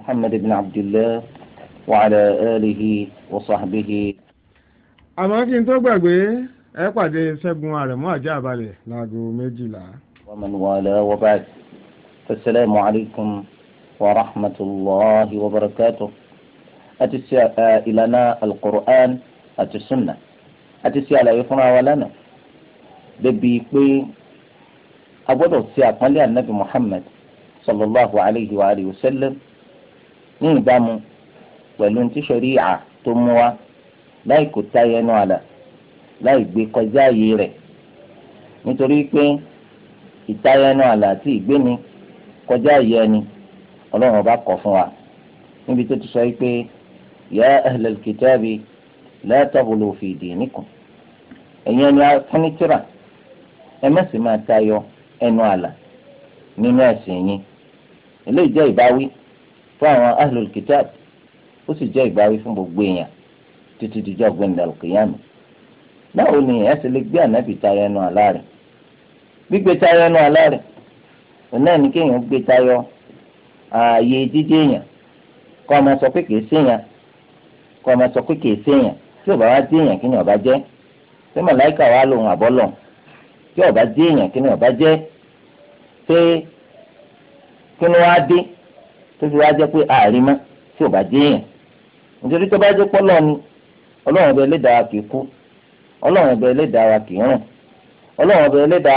محمد بن عبد الله وعلى آله وصحبه àmọ́ kí n tó gbàgbé ẹ pàdé ṣẹ́gun àrẹ̀mú àjàbalẹ̀ láago méjìlá. ومن والاه وبعد فالسلام عليكم ورحمة الله وبركاته àti sí ìlànà alukur'an àti sunna àti sí àlàyé fúnra wa lánàá débi pé a gbọ́dọ̀ sí àpọ́nlé anabi muhammad sallallahu alayhi wa alihi wa sallam ní ìbámu pẹ̀lú tí ṣẹ̀ríà tó mú wa láì kò táyé ẹnu àlà láì gbé kọjá ààyè rẹ̀ nítorí pé ìtáyé ẹnu àlà àti ìgbéni kọjá ààyè ẹni ọlọ́run ọba kọ̀ fún wa níbi tó ti sọ pé ya ahlal kitabi la taghlu ẹ̀yin ẹni afúnitìrà ẹ má sì máa tayọ ẹnu àlà nínú ẹ̀sìn yín eléyìí jẹ́ ìbáwí. fún àwọn ahlul kitab ó sì jẹ́ fún gbogbo èèyàn títí dijọ́ gbẹ̀ndà al-qiyama ẹ lè gbé ànábì tayọ ẹnu àlá gbígbé tayọ ẹnu àlá rẹ̀ ní kéèyàn gbé tayọ ààyè jíjẹ èèyàn kọ́ ọmọ sọ pé kìí séèyàn kọ́ ọmọ sọ pé kìí séèyàn tí dé èèyàn kí ni ọba jẹ́ ọba dé èèyàn kí ọba jẹ́ tó fi wá jẹ́ pé àárín mọ́ tí ò bá dé yẹn nítorí tó bá jẹ́ pọ́lọ́ ni ọlọ́run ọba ẹlẹ́dàá kì í kú ọlọ́run ọba ẹlẹ́dàá kì í rùn ọlọ́run ọba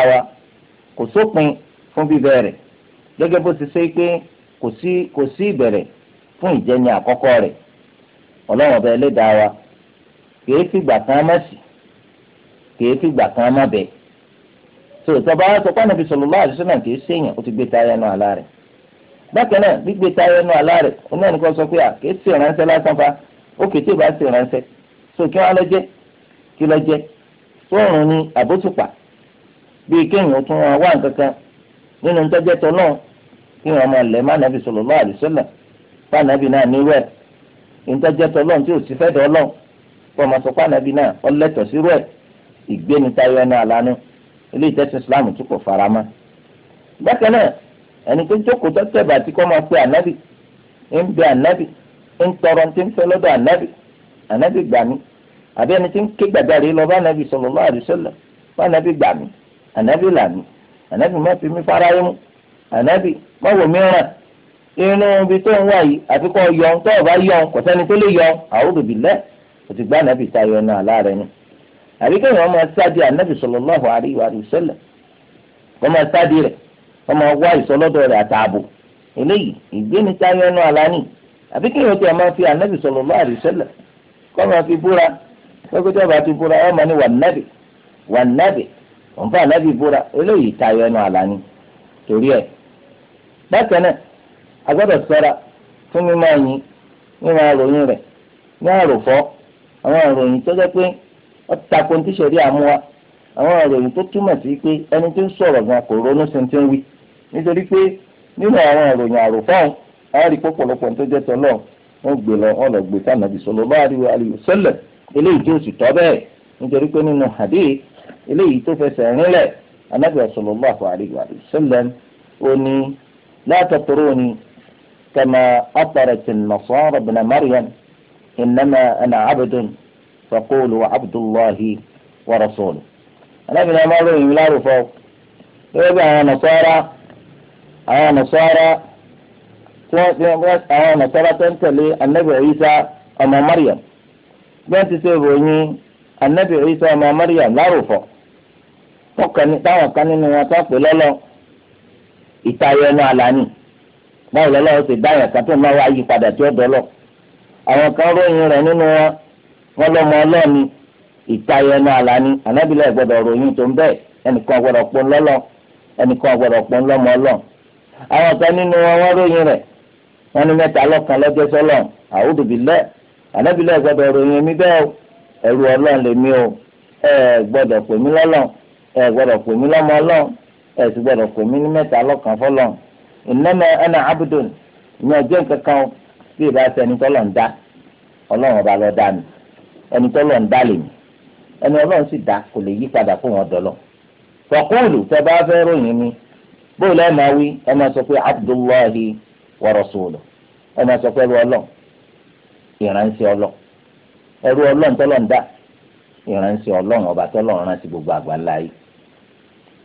kò sópin fún bíbẹ̀ rẹ̀ gẹ́gẹ́ bó ti pé kò sí kò ọba kì í fìgbà kan má sí kì í fìgbà kan má tó bákan náà gbígbé tayọ ẹnu àlá rẹ̀ òun náà nìkan sọ pé à kìí ṣe ìránṣẹ́ lásán fa ó so kí wọ́n lọ jẹ́ kí lọ jẹ́ sóòrùn ni àbótùpà bíi kéèyàn tún wọn wá nǹkan kan nínú tọ́jẹ́ náà kí wọ́n máa lẹ̀ má nàbì sallallahu alaihi náà ní tí ò sí ànàbì náà sí Islam kò fara náà ẹni tó jókòó tọ́tẹ̀ bàtí kọ́ máa pe ànábì ń bẹ ànábì ń tọrọ tí ń fẹ́ lọ́dọ̀ ànábì ànábì gbà mí àbí ẹni tí ń ké gbàdáre lọ ànábì sallallahu alaihi wasallam bá ànábì gbà mí ànábì là mí ànábì má fi mí fara yín mu ànábì má wò mí ràn inú ibi tó ń wà yìí àfi kọ́ yọ̀n tó ọ̀bá yọ̀n kò sẹ́ni tó lè yọ̀n a'udhu billah òtù gbá ànábì tayọ náà láàrẹ ni àbí kéèyàn máa sáàdì ànábì sallallahu alaihi wasallam wọ́n máa sáàdì rẹ̀ ọmọ wá ìsọlọ́dọ̀ rẹ̀ àtààbò eléyìí ìgbénita yẹnu àlání àbí kí èèyàn ti máa fi ànábì sallallahu alaihi wasallam kọ́ máa fi búra pẹ́kútẹ́ bá ti búra ẹ̀ máa ní wà nábì wà nábì òun fún ànábì búra eléyìí tayọ ẹnu àlání torí ẹ̀ bákan náà a gbọ́dọ̀ ṣọ́ra fún mímọ́ ẹ̀yìn mímọ́ àròyìn rẹ̀ ní àròfọ́ àwọn àròyìn tó jẹ́ pé ó takò ní tíṣẹ̀rí àmúwa àwọn àròyìn tó túmọ̀ sí pé ẹni tó ń sọ̀rọ̀ gan kò ronú sí ti ń wí nítorí pé nínú àwọn ìròyìn àròfọ́n àárí pọ̀pọ̀lọpọ̀ tó jẹ́ tọ́lọ̀ wọn gbé lọ wọn lọ gbé sànàbì sallallahu alaihi wa sallam eléyìí tó sì tọ́ bẹ́ẹ̀ nítorí pé nínú hadith eléyìí tó fẹsẹ̀ rinlẹ̀ anábì sallallahu alaihi wa sallam ó ní la tatruni kama atarat an-nasara ibn maryam innama ana abdun faqulu abdullahi wa rasuluhu anábì náà máa ń ròyìn lárúfọ́ lórí àwọn nasara àwọn nasara tí àwọn nasara tó ń tẹ̀lé anabi isa ọmọ mariam bẹ́ẹ̀ ti ṣe ìròyìn anabi isa ọmọ mariam lárúfọ̀ táwọn kan nínú wọn tó pè lọ́lọ́ ìtayọ ẹnu àlàní báwo lọ́lọ́ ó ti dáyà kátó náà wá yí padà tí ó dọ́lọ́ àwọn kan ròyìn rẹ̀ nínú wọn wọn lọ́mọ ọlọ́ọ̀ni ìtayọ ẹnu àlàní anábìlẹ̀ gbọ́dọ̀ ròyìn tó ń bẹ́ẹ̀ ẹnìkan gbọ́dọ̀ pọ́n lọ́lọ́ ẹnìkan gbọ́dọ̀ pọ́n lọ́mọ ọlọ́ọ̀ àwọn kan nínú wọn wọ́n ròyìn rẹ̀ wọ́n ní mẹ́ta lọ́kàn lọ́jọ́ sọ́lọ̀ àwùjọ bìlẹ̀ ànábìlẹ̀ gbọ́dọ̀ ròyìn mi bẹ́ẹ̀ o ẹ̀rù ọlọ́run lèmi o ẹ gbọ́dọ̀ pè mí lọ́lọ́run ẹ gbọ́dọ̀ pè mí lọ́mọ ọlọ́run ẹ sì gbọ́dọ̀ pè mí ní mẹ́ta lọ́kàn fọlọ́run ìnáma ẹnà abudun ìyẹn ọjọ́ kankan bí ìbá sẹni tọ́lọ̀ ń dá ọlọ́run ọba lọ dá mi ẹni tọ́lọ̀ ń dá lèmi ẹni ọlọ́run sì dá kò lè yí padà fún wọn dọ́lọ́ fọkúùlù tẹ bá fẹ́ ròyìn mi bóòlù ẹ̀ máa wí ẹ̀ máa sọ pé abdullahi wa rasuluhu ẹ̀ máa sọ pé ẹrú ọlọ́run ìránṣẹ́ ọlọ́run ẹrú ọlọ́run tọ́lọ̀ ń dá ìránṣẹ́ ọlọ́run ọba tọ́lọ̀ ń rántí gbogbo àgbáńlá yìí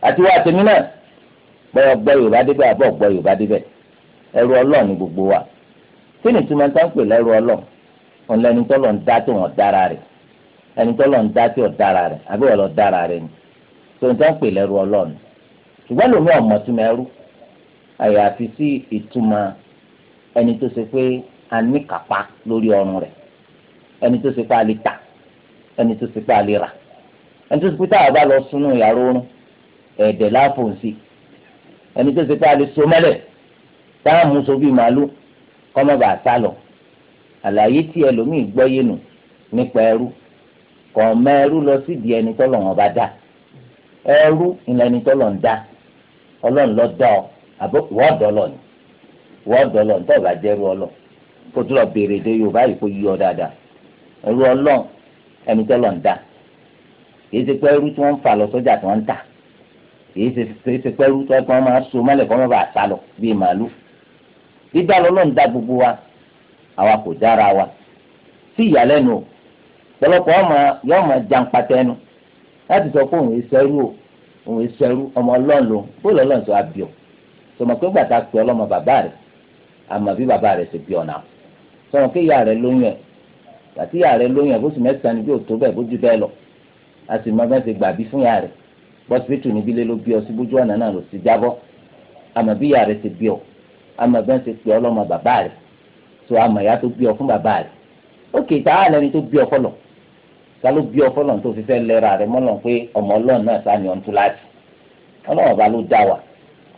àti wá àtẹ̀mí náà bọ́yọ̀ gbọ́ yorùbá débẹ̀ àbọ̀ gbọ́ yorùbá débẹ̀ ẹrú ọlọ́run ni gbogbo wa kí ni túmọ̀ tá ń pè lẹ́rú ọlọ́run òun ẹni tọ́lọ̀ ń dá tó wọn ṣùgbọ́n lòun ọ̀mọ̀ tún máa rú àyàfi sí ìtumọ̀ ẹni tó ṣe pé a ní kápá lórí ọrùn rẹ̀ ẹni tó ṣe pé a lè tà ẹni tó ṣe pé a lè rà ẹni tó ṣe pé táwa bá lọ sínú yàrá oorun ẹ̀ẹ́dẹ̀ láàfò sí ẹni tó ṣe pé a lè so mẹ́lẹ̀ táwọn mú so bíi màálù kọ́mọ́ bàá sálọ àlàyé tí ẹlòmíì gbọ́ yé nípa ẹrú kọ̀ ẹrú lọ sídìí ẹni tọ́lọ̀ wọn bá dá ẹrú ìlànà tọ́lọ̀ ń dá ọlọ́run lọ dá ọ àbọ̀ wọ́n dọ́lọ̀ ni wọ́n dọ́lọ̀ ní tọ́ọ̀bà jẹ́rú ọlọ́ kó tó lọ béèrè dé yorùbá yìí kó yí ọ dáadáa ẹrú ọlọ́run ẹni tọ́lọ̀ ń dá kìí ṣe pé ẹrú tí wọ́n ń fà lọ sọ́jà tí wọ́n ń tà kìí ṣe pé ẹrú tí wọ́n máa so mọ́lẹ̀ kọ́ mọ́ba àṣà lọ bíi màálù dídá lọ́lọ́run dá gbogbo wa àwa kò dára wa sí ìyàlẹ́nu ọ̀pọ̀lọpọ̀ yọ́ọ̀ máa jàǹpatẹ́nu láti sọ fóun ìṣẹ́rú o òun ìṣẹ́rú ọmọ ọlọ́run ló bó lọ́lọ́run tó a bí ọ sọmọ pé gbàtà pé ọlọ́mọ bàbá rẹ àmọ́ bí bàbá rẹ ṣe bí ọ̀nà sọmọ pé ìyá rẹ lóyún ẹ̀ àti ìyá rẹ lóyún ẹ̀ bóṣù mẹ́ta ni òtó bẹ́ẹ̀ bójú bẹ́ẹ̀ lọ a sì mọ bẹ́ẹ̀ ṣe gbà bí fún ìyá rẹ bọ́sibítù níbí lé ló bí ọ sí bójú ọ̀nà náà ló ti jábọ́ àmọ́ bí ìyá rẹ ṣe bí ọ àmọ́ bẹ́ẹ̀ ṣe pé ọlọ́mọ bàbá rẹ tó àmọ́ ìyá tó bí ọ fún bàbá rẹ ókè tá a lẹni tó bí ọ fọlọ́ sálọ bí ọ fọlọ́n tó fi fẹ́ lẹ́ra rẹ mọ́lọ́n pé ọmọ ọlọ́run náà sá ni ọ̀n tú láti ọlọ́run ọba ló dá wa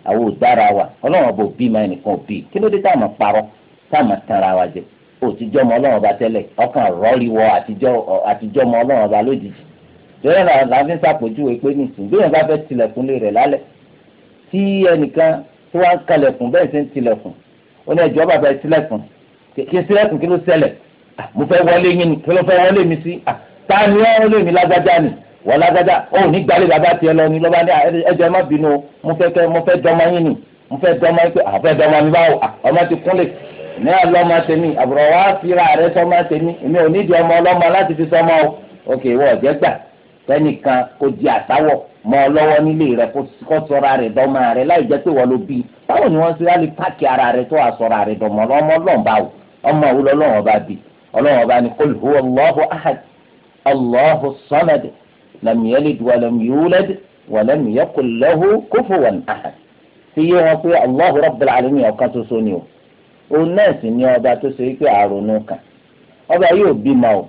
àwọn ò dára wa ọlọ́run ọba òbí máa nìkan òbí kí ló dé tá à máa parọ́ tá à máa tanra wa jẹ òtijọ́ ọmọ ọlọ́run ọba tẹ́lẹ̀ ọkàn rọ́ọ̀lì wọ àtijọ́ ọmọ ọlọ́run ọba lójijì lórí náà la fi ń sàpèjúwe pé nìsín bí wọn bá fẹ́ tilẹ̀kùn lé rẹ̀ lálẹ́ tí ẹnìkan tó wá ń kalẹ̀kùn bẹ́ẹ̀ ṣe ń tani ẹ lèmi lágbájá ni wọ́n lágbájá ó ní gbalẹ̀ bàbá tiẹ̀ lọ ni lọ́ba ní ẹjọ́ má bínú mo fẹ́ kẹ́ mo fẹ́ dọ́mọ yín ni mo fẹ́ dọ́mọ yín pé àfẹ́ dọ́mọ mi báwo ọmọ ti kúnlẹ̀ ní ọlọ́mọ tèmi àbúrò wa fira rẹ sọmọ tèmi èmi ò nídìí ọmọ ọlọ́mọ láti fi sọmọ o ok wọ ọ̀jẹ́ gbà sẹ́nìkan kò di àtàwọ̀ mọ́ ọ lọ́wọ́ nílé rẹ kó sọra rẹ dọ́mọ rẹ láì jẹ́ pé wọ́n ló bí báwo ni wọ́n ti rálẹ̀ páàkì ara rẹ tó àsọra rẹ dọ́mọ ọlọ́mọ ọlọ́mọ báwo ọmọ òwúlọ́lọ́wọ́ bá bí ọlọ́wọ́ bá ní kólù hùwà lọ́hùn áhàdì الله الصمد لم يلد ولم يولد ولم يقل له كفوا أحد fi yé wọn pé Allahu Rabbil Alamin ọ̀kan ṣoṣo ni o òun náà sì ni ọba tó ṣe wípé àrònú kan ọba yóò bímọ o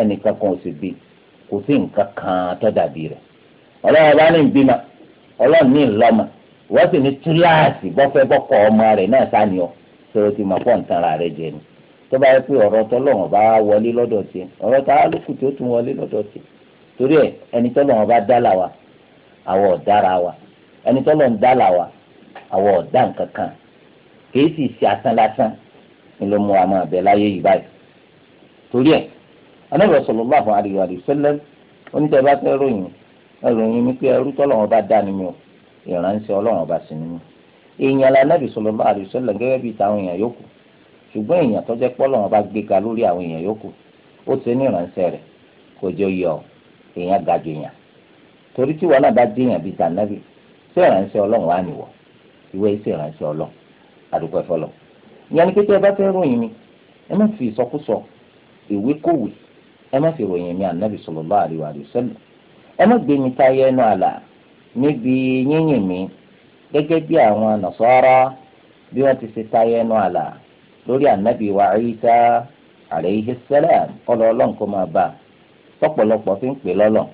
ẹnìkan kan ò sì bí kò sí nǹkan kan tó dàbí rẹ̀ ọba ní ìbímọ ọlọ́run ní ìlọ́mọ ni sì ní túláàsì tó bá yẹ pé ọ̀rọ̀ tọ́lọ́wọ̀n bá wọlé lọ́dọ̀ sí ọ̀rọ̀ tá a lókù tí ó tún wọlé lọ́dọ̀ sí torí ẹ ẹni tọ́lọ́wọ̀n bá dá là wa àwọ̀ ọ̀dára wa ẹni tọ́lọ́wọ̀n dá là wa àwọ̀ ọ̀dá nǹkan kan kìí sì ṣe asán lásán ni ló mú wa máa bẹ láyé yìí báyìí torí ẹ Ànábì sallallahu alaihi wa sallam oníṣẹ́ bá fẹ́ ròyìn ẹròyìn mi pé ẹrú tọ́lọ́wọ̀n bá dá ni mi ò ìránṣẹ́ Ọlọ́run ọba sí ni mi èèyàn la Ànábì sallallahu alaihi ṣùgbọ́n èèyàn tó jẹ́ pọ́lọ́ wọn bá gbéga lórí àwọn èèyàn yòókù ó ti ní ìránṣẹ́ rẹ̀ kò jọ yọ èèyàn ga jù èèyàn torí tí wọn náà bá dé èèyàn bíi tànàbì ṣé ìránṣẹ́ ọlọ́run wà nìwọ ìwé ṣe ìránṣẹ́ ọlọ́run àdúpẹ́ fọlọ́ ìyẹn ni pété bá fẹ́ ròyìn mi ẹ má fi ìsọkúsọ ìwé kòwé ẹ má fi ròyìn mi ànábì sallallahu alaihi wasallam ẹ má gbé mi táyé ẹnu àlà níbi yínyìn mi gẹ́gẹ́ lórí ànábì wa Ìsá alayhi salam kọ́lọ́ ọlọ́run kó máa bá a tọ́pọ̀lọpọ̀ fi ń pè lọ́lọ́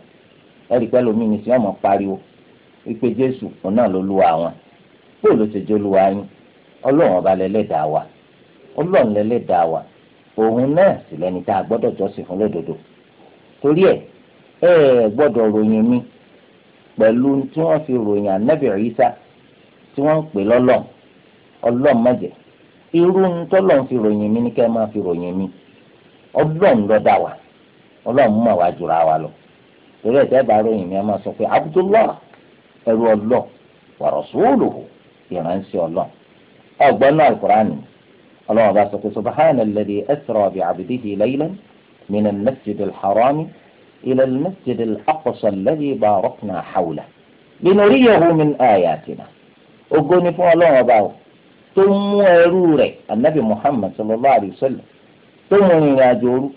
ẹ̀rí pẹ́ lómi ní sí ọmọ pariwo wípé jésù òun náà ló lu àwọn bóòlù ló ti jó lu ayín ọlọ́run ọba lẹ́lẹ́dàá wa ọlọ́run lẹ́lẹ́dàá wa òun náà sì lẹ́ni tá a gbọ́dọ̀ jọ́sìn fún lódodo torí ẹ̀ ẹ gbọ́dọ̀ ròyìn mi pẹ̀lú tí wọ́n fi ròyìn ànábì Ìsá tí wọ́n ń pè lọ́lọ́ ọlọ́run má jẹ́ irú ń tọ́lọ̀ ń fi ròyìn mi ní kẹ́ máa fi ròyìn mi ọlọ́run ló dá wa ọlọ́run mọ̀ wá jùlọ wa lọ torí ẹ̀ tẹ́ẹ̀bà ròyìn mi ẹ máa sọ pé Abdullah ẹrú ọlọ́ wa rasuluhu ìránṣẹ́ ọlọ́ ọgbọ́n náà alukurani ọlọ́run bá sọ pé subahana alladhi asra bi abdihi laylan min al-masjid al-haram ila al-masjid al-aqsa alladhi barakna hawla linuriyahu min ayatina ni fún ọlọ́run ọba o tó mú ẹrú rẹ̀ anabi muhammad sallallahu alayhi wa sallam tó mú ìrìn àjò òru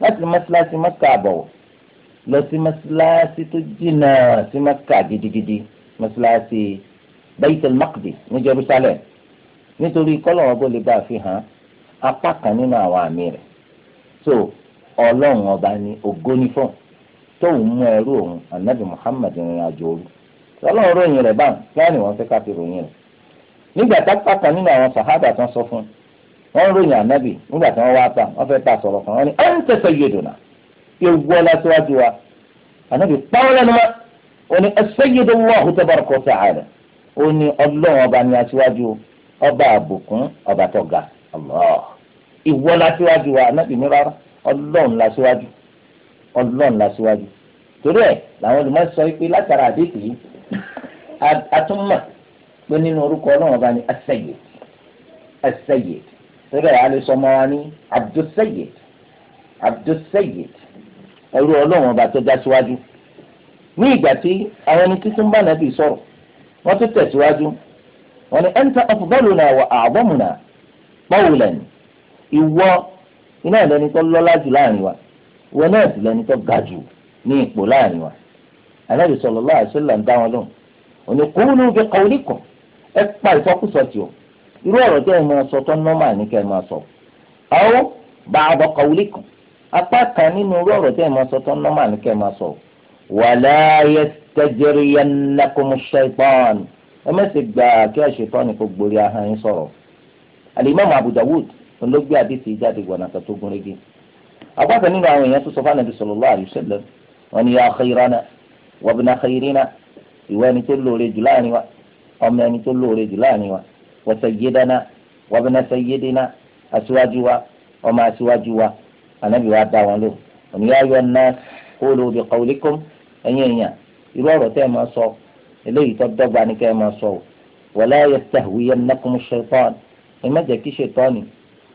láti mọ́sálásí mọ́kà àbọ̀wọ̀ lọ sí mọ́sálásí tó jìnnà sí mọ́kà gidigidi mọ́sálásí baytul maqdis ní jerusalem nítorí kọ́lọ́wọ́ bó lè bá a fi hàn apá kan nínú àwọn àmì rẹ̀ so ọlọ́run ọba ní ògo ní fún tóun mú ẹrú òun anabi muhammad ìrìn àjò òru ọlọ́run ròyìn rẹ̀ báwọn kí wọ́n ní wọ́n fẹ́ ká fi ròyìn rẹ̀ nígbà tápá kan nínú àwọn sàhábà tán sọ fún wọn ròyìn ànábì nígbà tí wọn wá pa wọn fẹẹ ta sọ̀rọ̀ kan wọn ni ẹn tẹsẹ yedona ewu ọlá síwájú wa ànábì pàwọn lẹ́nu mọ́ ó ní ẹsẹ yedo wọn àhùtẹ bá rọkọ sàárẹ ó ní Ọlọ́run ọba ní aṣíwájú ọba àbùkún ọba tó ga Allah ìwọ wa ànábì ní rárá Ọlọ́run lásíwájú Ọlọ́run lásíwájú torí ẹ làwọn olùmọ̀ sọ pé látara àdéhùn yìí atúmọ̀ pé nínú orúkọ ọlọ́run ọba ni asẹ́yẹ̀d asẹ́yẹ̀d torí ẹ̀ alẹ́ sọmọ wa ní abdulsẹ́yẹ̀d abdulsẹ́yẹ̀d ẹrú ọlọ́run ọba tó dá síwájú ní ìgbà tí àwọn ẹni títún bá nàbì sọ̀rọ̀ wọ́n tún tẹ̀síwájú wọ́n ní anta afdaluna wa a'zamuna qawlan ìwọ iná ìlẹ́ni tó lọ́lá jù láàrin wa wọn náà sì lẹ́ni tó ga jù ní ipò láàrin wa Ànábì sallallahu alaihi wasallam ń dá wọn lóhùn òní qulu bi qawlikum ẹ pa ìsọkúsọ tì o irú ọ̀rọ̀ tẹ́ ẹ máa sọ tó nọ́mà ní kẹ́ ẹ máa sọ àwọn bá a bọ̀ kọ̀wé kan apá kan nínú irú ọ̀rọ̀ tẹ́ ẹ máa sọ tó nọ́mà ní kẹ́ ẹ máa sọ wàlá ayé tẹ́jẹ́rì yẹn nàkùnmù ṣẹ́pọ̀n ẹ mẹ́sẹ̀ gbà kí ẹ ṣètọ́ ni kò gbòòrò ahọ́n yín sọ̀rọ̀ alimami Abu Dawud olóògbé adéṣe jáde gbọ̀nà tó gún régé apá kan nínú àwọn ọmọ ẹni tó lóore jù láàrin wa wa sayyidana wa ibna sayyidina aṣíwájú wa ọmọ aṣíwájú wa ànábì wa dá wọn lò òní yá yọ ná qulu bi qawlikum ẹ̀yin èèyàn irú ọ̀rọ̀ tẹ́ ẹ máa sọ eléyìí tó dọ́gba ni kẹ́ ẹ máa sọ o wala yastahwiyannakum ash-shaytan ẹ má jẹ́ kí ṣètọ́ni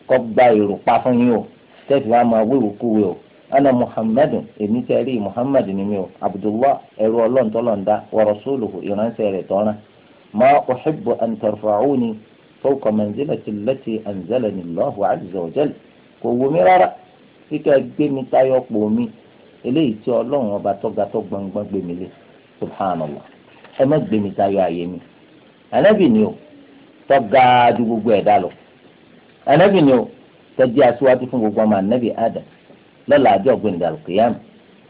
kọ́ gba èrò pa fún yín o tẹ́sí wa máa wéwò kúwe o ana muhammadu èmi tẹ́ rí muhammadu ni mi o abdullah ẹrú ọlọ́ntọ́lọ́ndá wa rasuluhu ìránṣẹ́ rẹ̀ tọ́ran ما أحب أن ترفعوني فوق منزلة التي أنزلني الله عز وجل kò wù mí rárá kíkẹ́ gbé mi tayọ pò mí eléyìí tí ọlọ́run ọba tọ́ga tó gbọ̀ngbọ̀n gbé mi lé subhanallah ẹ má gbé mi tayọ àyè mi ànábì ni o tọ́ga ju gbogbo ẹ̀dá lọ ànábì ni o tọ́jú aṣíwájú fún gbogbo ọmọ ànábì adam lọ́la àjọ ọ̀gbìn ìdàlùkìyàmù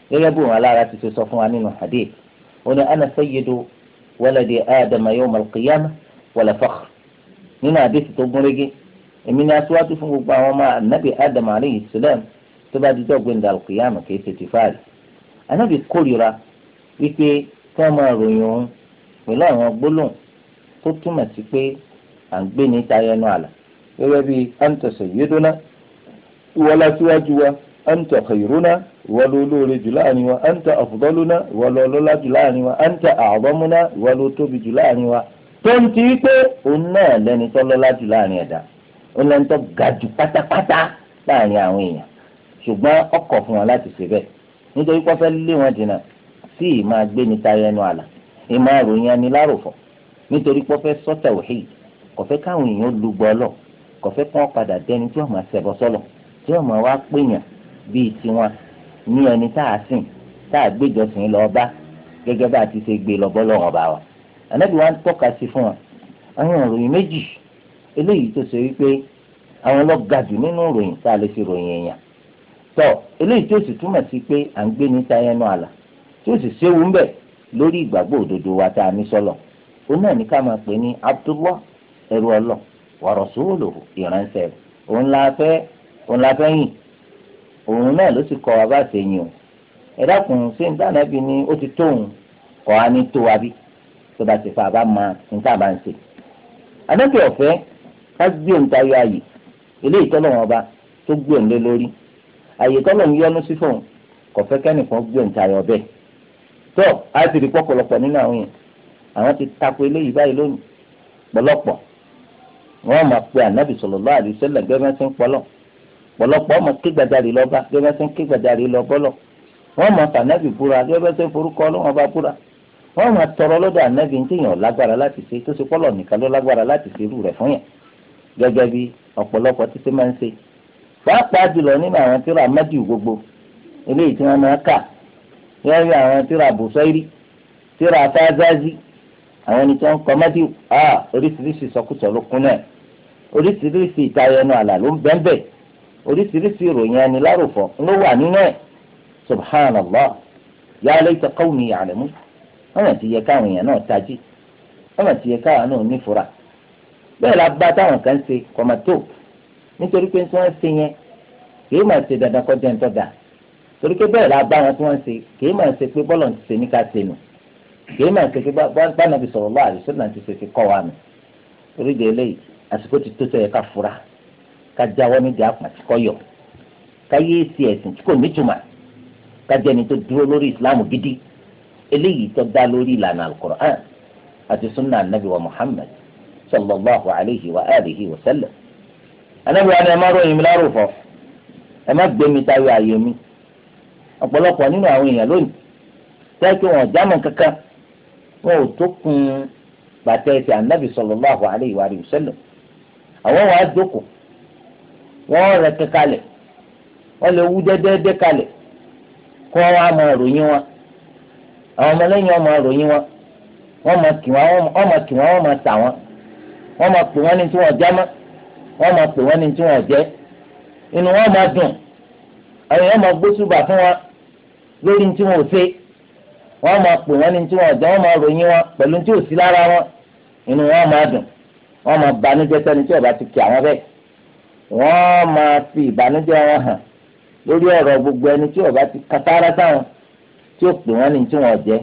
gẹ́gẹ́ bí wọn alára ti ṣe sọ fún wa nínú hadith ó ní ana sayyidu waladi ádámà yawm al-qiyama wala fakhr nínú àdéhùn tó gúnrégé èmi ni aṣíwájú fún gbogbo àwọn ọmọ anabi ádámà alayhi salam tó bá di dọ́gbìn dà al-qiyama kì í ṣe ti fáàlì anabi kórìíra wípé kí wọ́n máa ròyìn òun pẹ̀lú àwọn gbólóhùn tó túmọ̀ sí pé à ń gbé ní tayẹnu àlà gẹ́gẹ́ bíi anta sayyiduna wala síwájú wa anta khayruna wọlu olóore lóore jù láàrin wa anta afdaluna ìwọ ló lọ́lá jù láàrin wa anta a'zamuna ìwọ tóbi jù láàrin wa tó ń ti pé òun náà lẹni tó lọ́lá jù láàrin ẹ̀dá òun lẹni tó ga jù pátápátá láàrin àwọn èèyàn ṣùgbọ́n ọkọ̀ fún wọn láti ṣe bẹ́ẹ̀ nítorí pé lé wọn dènà sí ìmọ̀ ẹnu àlà ìmọ̀ àròyìn aniláròfọ̀ nítorí ní ẹni tá a sìn tá a gbéjọsìn lọ bá gẹ́gẹ́ bá a ti ṣe gbé lọ́bọ́ lọ́wọ́ bá wa ànábì wa ń tọ́ka sí fún wa àwọn ìròyìn méjì eléyìí tó ṣe wípé àwọn ọlọ́ga jù nínú ìròyìn tá a lè fi ròyìn èèyàn tọ́ eléyìí tó sì túmọ̀ sí pé à ń gbé ní táyẹnu àlà tí ó sì séwu ń lórí ìgbàgbọ́ òdodo wa tá a ní sọ́lọ̀ òun náà ní ká máa pè ní Abdullah ẹrú ọlọ́ wa rasuluhu ìránṣẹ́ òun la fẹ́ òun la fẹ́ yìn òun náà ló sì kọ́ wa bá ṣe yìn o ẹ dákun ṣé n dáná bi ni ó ti tó òun kọ́ wa ní tó wa bí tó bá ti fa àbá ma n tá a bá ń ṣe. àdókè ọ̀fẹ́ ká gbé òun tayọ ààyè eléyìí tọ́lọ̀ wọn ọba tó gbé òun lé lórí ààyè tọ́lọ̀ ń yọnu sí fóun kò fẹ́ kẹ́nìkan gbé òun tayọ bẹ́ẹ̀. tó a ti rí pọ́pọ̀lọpọ̀ nínú àwọn yẹn àwọn ti tako eléyìí báyìí lónìí pọ̀lọpọ̀ wọ́n máa pe ànábì sallallahu alaihi ọ̀pọ̀lọpọ̀ ọmọ ké gbàjarì lọ́ba gẹ́gẹ́ sẹ́ ń ké gbàjarì lọ bọ́lọ̀ wọ́n mọ tànàbì búra gẹ́gẹ́ sẹ́ forúkọ ọlọ́wọ́n bá búra wọ́n mọ tọrọ lọ́dọ̀ ànábì ń téèyàn lágbára láti ṣe tó ṣe pọ́lọ̀ nìkan ló lágbára láti ṣe irú rẹ̀ fún yẹn gẹ́gẹ́ bí ọ̀pọ̀lọpọ̀ títí máa ń ṣe pàápàá jùlọ nínú àwọn tíra mẹ́dìú gbogbo eléyìí tí wọ́n máa kà yẹ́n bí àwọn tíra bùsọ́ìrì tíra tí wọ́n ń kọ́ mẹ́dìú oríṣiríṣi sọkúsọ ló oríṣiríṣi ìròyìn ẹni ló wà nínú ẹ subhanallah ya laita qawmi ya'lamun wọn àti yẹ káwọn èèyàn náà tají wọn àti yẹ káwọn náà nífura bẹ́ẹ̀ la bá táwọn kan ṣe kọmọtò nítorí pé tí wọn ṣe yẹn kìí máa ṣe dandan kọjá ń tọ́jà torí pé bẹ́ẹ̀ la bá wọn tí wọn ṣe kìí máa ṣe pé bọ́lọ̀ ti ṣe ní ká ṣe nù kìí máa ṣe pé bá nàbì sallallahu alaihi wasallam ti ṣe fi kọ́ wa nù torí de eléyìí àsìkò ti tó sọ ká fura. ká jáwọ́ nídìí àpàtì kọ́yọ̀ ká yéé sí ẹ̀sìn tí kò nítumọ̀ ká jẹni tó dúró lórí ìsìláàmù gidi eléyìí tó dá lórí ìlànà alukur'an àti sunna anabi wa muhammad sallallahu alayhi wa alihi wa sallam anabi wa ni ẹ má ròyìn mi lárò ẹ má gbé mi tayọ ààyè mi ọ̀pọ̀lọpọ̀ nínú àwọn èèyàn lónìí jẹ́ kí wọ́n jámọ̀ kankan wọn ò tó kun bàtẹ́ ti anabi sallallahu alayhi wa sallam àwọn wàá jókòó. wọ́n rẹ̀ kẹkalẹ̀ wọ́n lè wú dẹ́dẹ́dẹ́ kalẹ̀ kó wọn ọrụ máa ròyìn wọn àwọn ọmọlẹ́yìn ọmọ ròyìn wọn wọ́n máa kì wọ́n wọ́n máa kì wọ́n wọ́n máa tà wọ́n wọ́n máa pè wọ́n ní tí wọ́n wọ́n máa pè wọ́n ní tí wọ́n jẹ́ inú wọn máa dùn àwọn èèyàn máa gbósùbà fún wọn lórí tí wọn ò ṣe wọ́n wọ́n máa fi ìbànújẹ́ wọn hàn lórí ọ̀rọ̀ gbogbo ẹni tí ọba ti katara sáwọn tí ó pè wọ́n ní tí wọ́n jẹ́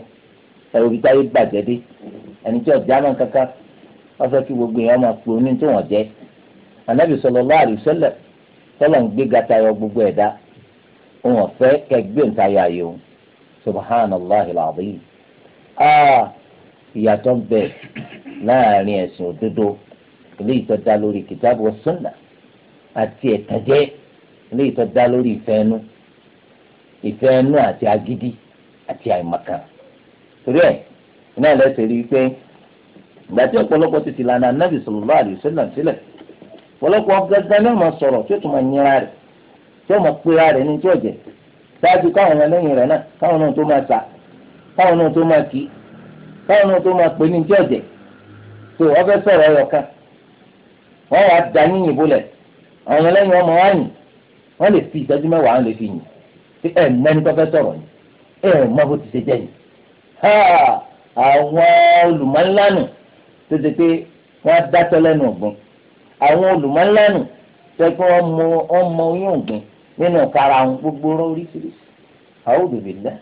ẹ̀rọ ibi táyé gbàjẹ́ dé ẹni tí ọ̀já náà kankan wọ́n fẹ́ kí gbogbo èèyàn máa pè oní tí wọ́n jẹ́ ànábì sallallahu alaihi wasallam tọ́lọ̀ ń gbé gata yọ gbogbo ẹ̀dá òun ọ̀fẹ́ kẹgbẹ́ ń tayọ ayé o subhanallahi alazim aa ìyàtọ̀ bẹ̀ láàrin ẹ̀sìn òdodo ilé ìtọ́jà lórí kìtàbù wa sunnah àti ẹ̀tànjẹ́ eléyìí tó dá lórí ìfẹ́ ẹnu àti agídí àti àìmọ̀kan torí ẹ̀ iná ẹlẹ́sẹ̀ rí i pé ìgbà tí ọ̀pọ̀lọpọ̀ ti ti lànà anábì sallallahu alaihi wasallam sílẹ̀ ọ̀pọ̀lọpọ̀ gángan náà máa sọ̀rọ̀ tí ó tún máa nyẹ́ra rẹ̀ tí ó máa pera rẹ̀ ní tí káwọn rẹ̀ náà káwọn tó máa sà káwọn tó máa kì í káwọn tó máa pè ní tí tó da àwọn ẹlẹ́yìn ọmọ wa yìn wọ́n lè fi ìtọ́jú mẹ́wàá wọn lè fi yìn tí ẹ̀ mẹ́ni tó fẹ́ sọ̀rọ̀ yìí ẹ̀ mọ́ bó ti ṣe jẹ́ yìí. àwọn olùmọ̀ńlánù tó ṣe pé wọ́n dátọ́ lẹ́nu ọ̀gbìn àwọn olùmọ̀ńlánù tó ṣe pé wọ́n mọ ọmọ oyún ọ̀gbìn nínú ọ̀kara àwọn gbogbo oríṣiríṣi àwọn òdòdó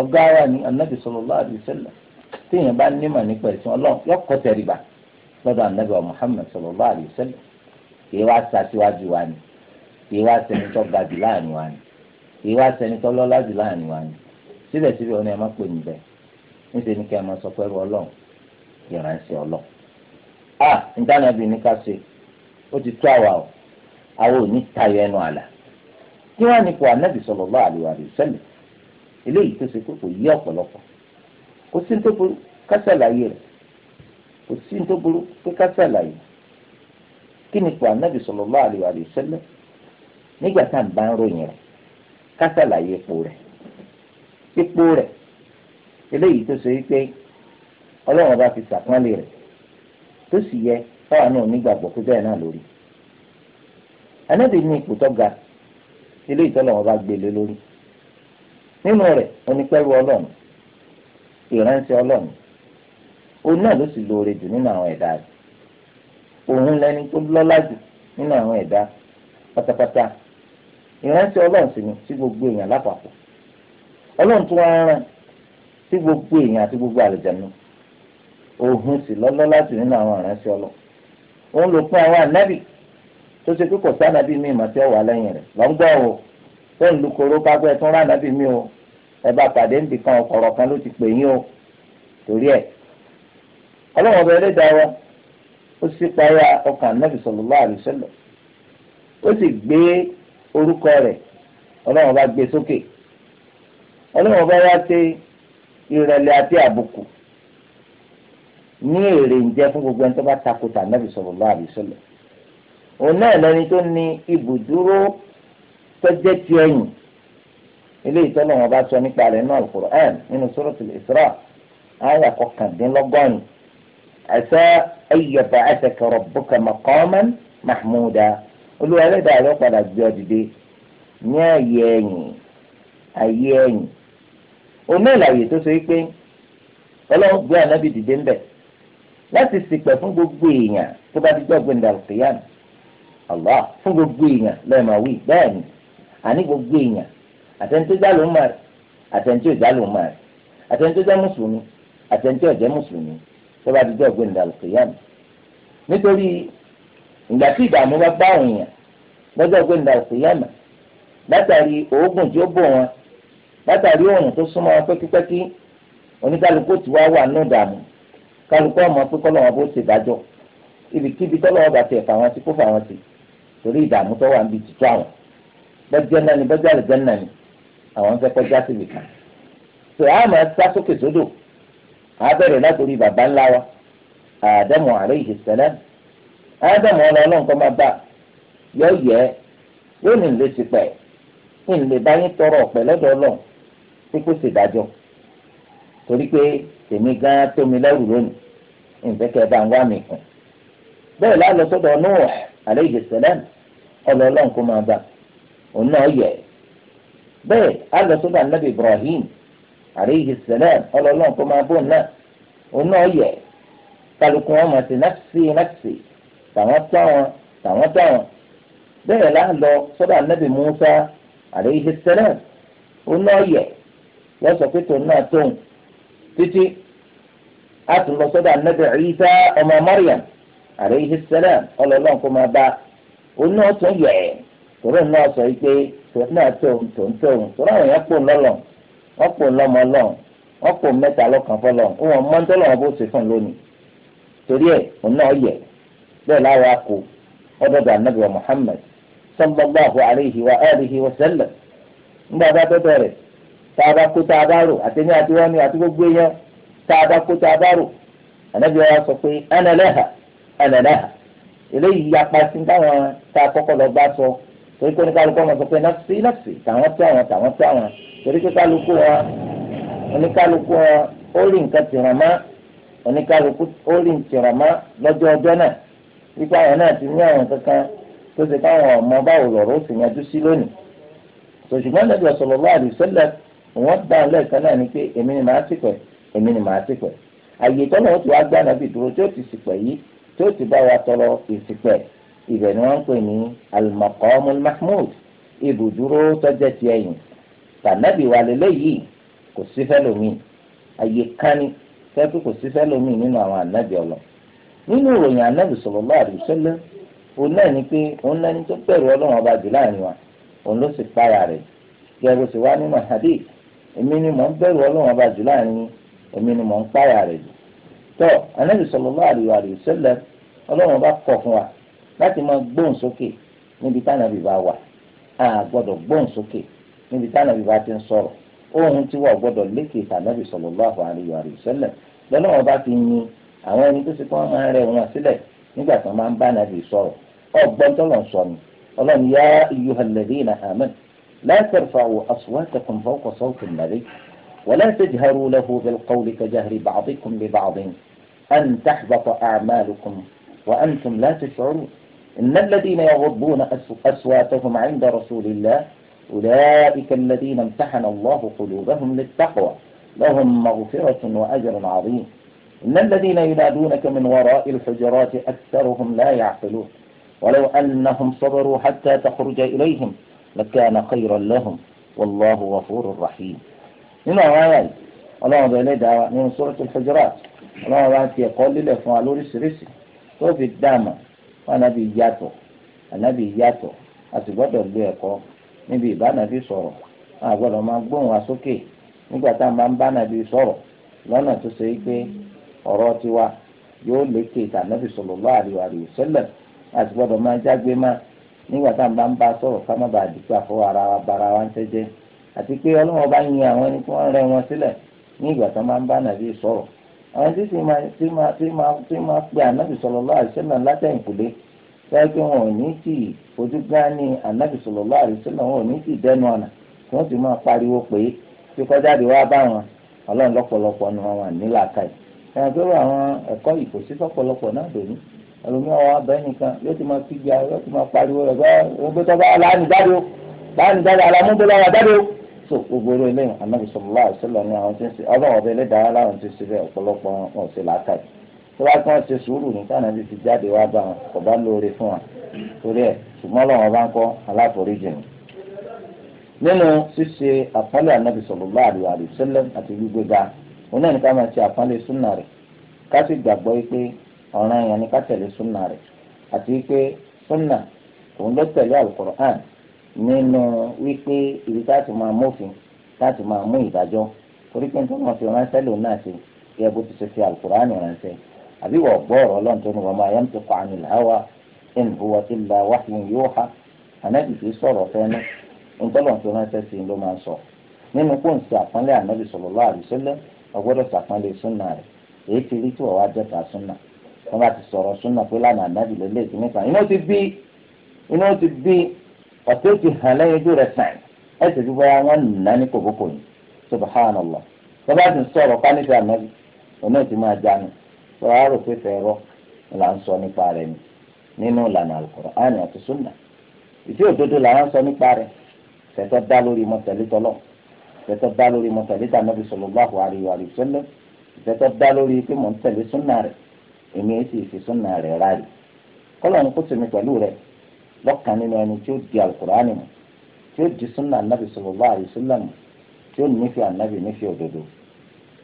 ọgá wa ni anabi sallallahu alaihi wasallam téèyàn bá nímọ̀ nípa ẹ̀sìn ọlọ́run yọkọ̀ tẹ̀ríba lọ́dọ̀ kì í wá ṣaṣíwájú wa ni kì í wá sẹni tó ga jù láàrin wa ni kì í wá sẹni tó lọ́lá jù láàrin wa ni síbẹ̀síbẹ̀ ọ̀nà ẹ̀ má pè mí bẹ́ẹ̀ ni kí ẹ máa sọ pẹ́rú ọlọ́run ìránṣẹ́ ọlọ́run. a ìdánábì ní ká ṣe ó ti tó àwa o àwa ò ní tayọ ẹnu àlà kí wọ́n á ní kó anábì sallallahu alaihi wasallam eléyìí tó ṣe pé kò yí ọ̀pọ̀lọpọ̀ kò sí ní tó burú ká ṣàlàyé rẹ̀ kò sí ní tó burú pé ká ṣàlàyé rẹ̀ kí ni ipò anabi sallallahu alaihi wasallam nígbà tá à ń bá ń ròyìn rẹ̀ ká ṣàlàyé ipò rẹ̀ ipò rẹ̀ eléyìí tó ṣe wípé ọlọ́run bá fi ṣàpọ́nlé rẹ̀ tó sì yẹ fáwọn náà nígbàgbọ́ pé bẹ́ẹ̀ náà lórí anabi ní ipò tó ga eléyìí tó lọ́wọ́ bá gbélé lórí nínú rẹ̀ onípẹ́rù ọlọ́run ìránṣẹ́ ọlọ́run òun náà ló sì lóore jù nínú àwọn ẹ̀dá rẹ̀ òun lẹni tó lọ́lá jù nínú àwọn ẹ̀dá pátápátá ìrántí ọlọ́run sì ni gbogbo èèyàn lápapọ̀ ọlọ́run tó wá rán sí gbogbo èèyàn àti gbogbo àlùjànnú òun sì lọ́lọ́lá nínú àwọn ìrántí ọlọ́run òun ló àwọn ànábì tó ṣe pé kò sí lẹ́yìn rẹ̀ o tó ó sì payá ọkàn anábì sallallahu alaihi wasallam ó sì gbé orúkọ rẹ̀ ọlọ́run bá gbé sókè ọlọ́run bá wá sí ìrẹ̀lẹ̀ àti àbùkù ní èrè ń jẹ́ fún gbogbo ẹni tó bá takòtà anábì sallallahu alaihi wasallam òun náà lẹni tó ní ibùdúró tó ti ẹ̀yìn ilé ìtọ́lọ́wọ́n bá sọ nípa rẹ̀ náà Al-Qur'an nínú Suratul Isra àyà kọkàndínlọ́gọ́rin عسى أن يبعثك ربك مقاما محمودا olúwa ẹlẹ́dàá rẹ padà gbé ọ dìde ní ààyè ẹ̀yìn ààyè ẹ̀yìn oná ìlàyè tó so wípé ọlọ́run gbé ànábì dìde ńbẹ̀ láti ṣìpẹ̀ fún gbogbo èèyàn tó bá ti gbọ́ gbẹ̀ndà òkèèyàn Allah fún gbogbo èèyàn lẹ́ẹ̀mà wí bẹ́ẹ̀ ni àní gbogbo èèyàn àtẹnudó já ló ń mọ̀ rẹ̀ àtẹnudó já ló ń mọ̀ rẹ̀ àtẹnudó já mùsùlùmí àtẹnudó ọ̀jẹ́ mùsùlùmí sọba àdìjọ gbẹndà lùkìyàm nítorí ìgbà tí ìdààmú bá bá àwọn èèyàn lọ́jọ́ gbẹndà lùkìyàm látàrí òógùn tí ó bò wọn látàrí òòrùn tó súnmọ́ wọn pẹ́kípẹ́kí oníkálukú tí wàá wà nù dààmú kálukú ọmọ pé kọ́lọ́wọ́n bó ṣe dájọ́ ibikíbi tọ́lọ́wọ́ bá tẹ̀ fà wọn sí kó fà wọn sí torí ìdààmú tó wà níbi àwọn bọ́jẹ́ náà ni bọ́jẹ́ àlùjẹ́ náà ni àwọn ń fẹ́ kọjá síbi kan tòun á máa sá sókè sódò. So, a bẹ̀rẹ̀ látòrí bàbá ńlá wa Ádámù alayhi salam Ádámù ọlọ́run kọ́ máa bá yọ yẹ yóò ní lè ti pẹ̀ ní lè bá yín tọrọ ọ̀pẹ lọ́dọ̀ ọlọ́run tí kò sì dájọ́ torí pé tèmi gan tómi lẹ́rù lónìí ìfẹ́kẹ́ bá ń wá mi kàn bẹ́ẹ̀ lálọ́ sọ́dọ̀ Nuh alayhi salam ọlọ́run kọ́ máa bá òun náà yẹ bẹ́ẹ̀ àríyí sẹlẹm ọlọlọ kó máa bò náà òun náà yẹ kálukú wọn mọ sí nafsi nafsi tàwọn táwọn tàwọn táwọn anabi musa àríyí sẹlẹm òun náà yẹ wọ́n sọ náà tóun títí a tún anabi isa ọmọ mariam ọlọlọ máa bá yẹ náà sọ yìí pé tòun náà tóun wọ́n pò lọ́mọ lọ́n wọ́n pò mẹta lọ́kàn fọlọ́n wọn mọ́tò lọ́wọ́ bó ṣe fún lónìí torí ẹ̀ òun náà yẹ bẹ́ẹ̀ láwọn akọ ọdọ̀dọ̀ anabi wa Muhammad sallallahu alayhi wa alihi wa sallam ńgbà bá tó bẹ̀rẹ̀ tá a bá kó àti gbogbo yẹn tá a torí pé oníkálukú ọmọ sọ pé nafsi nafsi tàwọn tí àwọn tàwọn tí àwọn torí pé kálukú wọn oníkálukú wọn ó rí nǹkan tìràn mọ́ oníkálukú ó rí tìràn mọ́ lọ́jọ́ ọjọ́ náà wípé àwọn náà ti ní àwọn kankan tó ṣe káwọn ọmọ báwo lọ̀rọ̀ ó sì yanjú sí lónìí sòṣùgbọ́n nàbí sallallahu alaihi wasallam wọ́n dá lẹ́ẹ̀kan náà ni pé èmi ni màá ti pẹ̀ èmi ni màá ti pẹ̀ àyè tọ́lọ̀ ó ti wá gbá nàbì dúró tí ó ti sì pẹ̀ yìí tí ó ti bá wa tọrọ ìsìpẹ̀ ibẹ̀ ni wọ́n ń pè ní al-maqamul mahmud ibùdúró tọ́jà ti ẹ̀yìn tànàbí wà lélẹ́yìí kò sí fẹ́lómi ayé kání fẹ́ẹ́ kò sí fẹ́lómi nínú àwọn ànábì ọlọ nínú ìròyìn ànábì sallallahu alaihi wasallam òun náà ni pé òun náà ni tó bẹ̀rù ọlọ́run ọba jù láàrin wa òun ló sì para rẹ̀ gẹ̀rù sì wá nínú hadith èmi ni mò ń bẹ̀rù ọlọ́run ọba jù láàrin èmi ni mò ń para rẹ̀ jù tọ́ ànábì sallallahu alaihi wasallam ọlọ́run ọba kọ̀ fún wa láti máa gbóhùn sókè níbi tánàbí bá wà á gbọ́dọ̀ gbóhùn sókè níbi tánàbí bá ti ń sọ̀rọ̀ ohun tí wọ́n gbọ́dọ̀ lékè tànàbí sallallahu alaihi wa sẹlẹ lọ́nà wọn bá ti yin àwọn ẹni tó ti kọ́ máa rẹ̀ wọn sílẹ̀ nígbà tí wọ́n máa ń bá nàbì sọ̀rọ̀ ọgbọ́n lọ sọ ni ọlọ́run yá ayyuhal ẹlẹ́dẹ́ iná la tarfa'u aswatakum fawqa sawti an-nabi wa la tajharu lahu bil إن الذين يغضون أصواتهم عند رسول الله أولئك الذين امتحن الله قلوبهم للتقوى لهم مغفرة وأجر عظيم إن الذين ينادونك من وراء الحجرات أكثرهم لا يعقلون ولو أنهم صبروا حتى تخرج إليهم لكان خيرا لهم والله غفور رحيم nínú àwọn الله yìí ọlọ́run من سورة الحجرات الله suratul Hujurat ọlọ́run ọba ti ẹ̀kọ́ lílẹ̀ fún wa lóríṣiríṣi fanabi yàtọ̀ anabi yàtọ̀ a sì gbọ́dọ̀ gbé ẹ̀kọ́ níbi ìbánabi sọ̀rọ̀ a gbọ́dọ̀ máa gbóhùn wa sókè nígbà tá a máa ń bánabi sọ̀rọ̀ lọ́nà tó ṣe ọ̀rọ̀ tiwa yóò lékè tànàbì sallallahu alaihi wa sallam a sì gbọ́dọ̀ máa jágbe má nígbà tá a máa ń bá sọ̀rọ̀ ká má bàa dìgbà fún ara wa bara wa ń tẹ́jẹ́ àti pé bá yin àwọn ẹni tí wọ́n rẹ wọn sílẹ̀ máa ń bánabi sọ̀rọ̀ àwọn tí sì máa máa máa máa pe anabi sallallahu alaihi wasallam látẹ̀yìnkùlé báyìí pé wọn ò ní tì í fojú gánni ànábì sallallahu alaihi wọn ò ní tì í dẹnu ọ̀nà wọ́n sì máa pariwo pé tí kọjá di wá bá wọn ọlọ́run lọ́pọ̀lọpọ̀ ni wọn wà nílàáta pé wọ́n àwọn ẹ̀kọ́ yìí kò sí sọ́pọ̀lọpọ̀ náà so gbogbo eré lẹ́yìn anabi sọlá àṣẹlẹ ní àwọn tí ń ṣe ọlọ́run ọbẹ ẹlẹ́dàá láwọn tí ń ṣe bẹ́ẹ̀ ọ̀pọ̀lọpọ̀ wọn ṣe làákàyè tó bá kí wọn ṣe sùúrù ní káànábì ti jáde wá bá wọn kò bá lóore fún wọn torí ẹ̀ ṣùgbọ́n ọlọ́run ọba ń kọ aláforíjì ni. nínú ṣíṣe àpọ́nlé anabi sọlá àríwá àríṣẹlẹ àti gbígbéga òun náà ní ká máa ṣe àpọ́nlé súnà rẹ̀ ká sì gbàgbọ́ pé ọ̀ràn nínú wípé ibi táàtì máa mófin táàtì máa mú ìdájọ́ torí pé nítorí wọn fi ránṣẹ́ lòun náà ṣe kí ẹ bó ti ṣe fi àlùkùránì ránṣẹ́ àbí wọ́n gbọ́ ọ̀rọ̀ ọlọ́run tó ní wọn máa yẹn ti kọ́ àmì làwa in huwa illa wahyun yuha ànábì kì í sọ̀rọ̀ fẹ́nu nítorí wọn fi ránṣẹ́ sí ló máa sọ nínú kó n ṣe àpọ́nlé ànábì sallallahu alaihi wasallam ọgbọ́dọ̀ ọ̀tí ó ti hàn lẹ́yìn ojú rẹ̀ sàn ẹ̀ sì dúpọ̀ ya wọ́n nà ní kòkòkò yìí subhanallah bàbá ti sọ̀rọ̀ ká nífẹ̀ẹ́ ànábì òun ti máa jánu sọ̀rọ̀ àrò pé fẹ́ẹ́rọ́ là ń sọ nípa rẹ̀ ni nínú ìlànà Al-Qur'ani àti sunna ìdí òdodo là ń sọ nípa rẹ̀ tẹ̀tọ́ dá lórí mọ̀tẹ́lítọ́lọ́ tẹ̀tọ́ dá lórí mọ̀tẹ́lítà ànábì sallallahu alaihi wa sallam tẹ̀tọ́ dá lórí pé mọ̀ ń rẹ̀ èmi èsì ìfi sunna rẹ̀ ráàlì kọ́lọ̀ lọ́kàn nínú ẹni tí ó di alukur'ani mu tí ó di sunna anabi sallallahu alayhi wa sallam tí ó nífẹ̀ẹ́ anabi nífẹ̀ẹ́ òdodo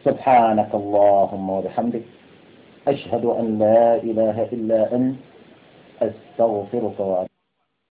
subhanaka allahumma wa bihamdik ashhadu an la ilaha illa ant astaghfiruka wa.